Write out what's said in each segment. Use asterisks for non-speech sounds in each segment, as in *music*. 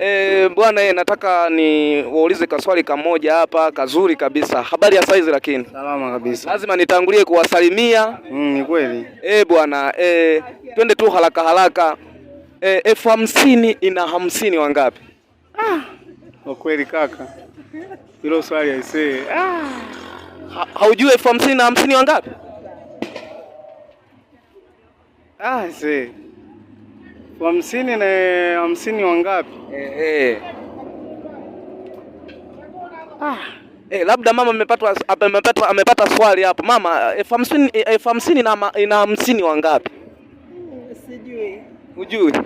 E, bwana eh, nataka ni waulize kaswali kamoja hapa kazuri kabisa. Habari ya saizi lakini? Salama kabisa. Lazima nitangulie kuwasalimia. Mm, ni kweli. Eh, bwana e, twende tu haraka haraka. E, elfu hamsini ina hamsini wangapi? Ah, kwa kweli kaka. Hilo swali aisee. Ah. Ha, haujui elfu hamsini na hamsini wangapi? Ah, see hamsini na hamsini wangapi? Eh, eh. Ah. Eh, labda mama amepata amepata amepata swali hapo. Mama, elfu hamsini elfu hamsini na ina hamsini wangapi? Sijui. Hujui? *laughs*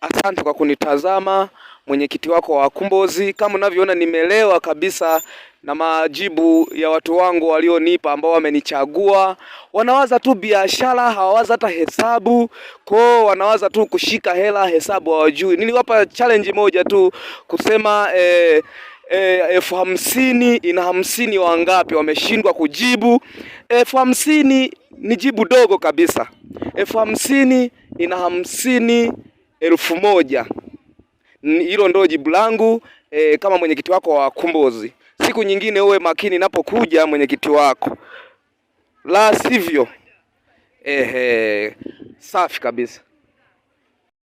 Asante kwa kunitazama mwenyekiti wako wa Kumbozi. Kama unavyoona, nimelewa kabisa na majibu ya watu wangu walionipa ambao wamenichagua. Wanawaza tu biashara, hawawaza hata hesabu kwao, wanawaza tu kushika hela, hesabu hawajui. Niliwapa challenge moja tu kusema eh, eh, elfu hamsini ina hamsini wangapi? Wameshindwa kujibu. Elfu hamsini ni jibu dogo kabisa. Elfu hamsini ina hamsini elfu moja hilo ndio jibu langu e, kama mwenyekiti wako wa Kumbozi. Siku nyingine uwe makini napokuja mwenyekiti wako, la sivyo ehe, safi kabisa.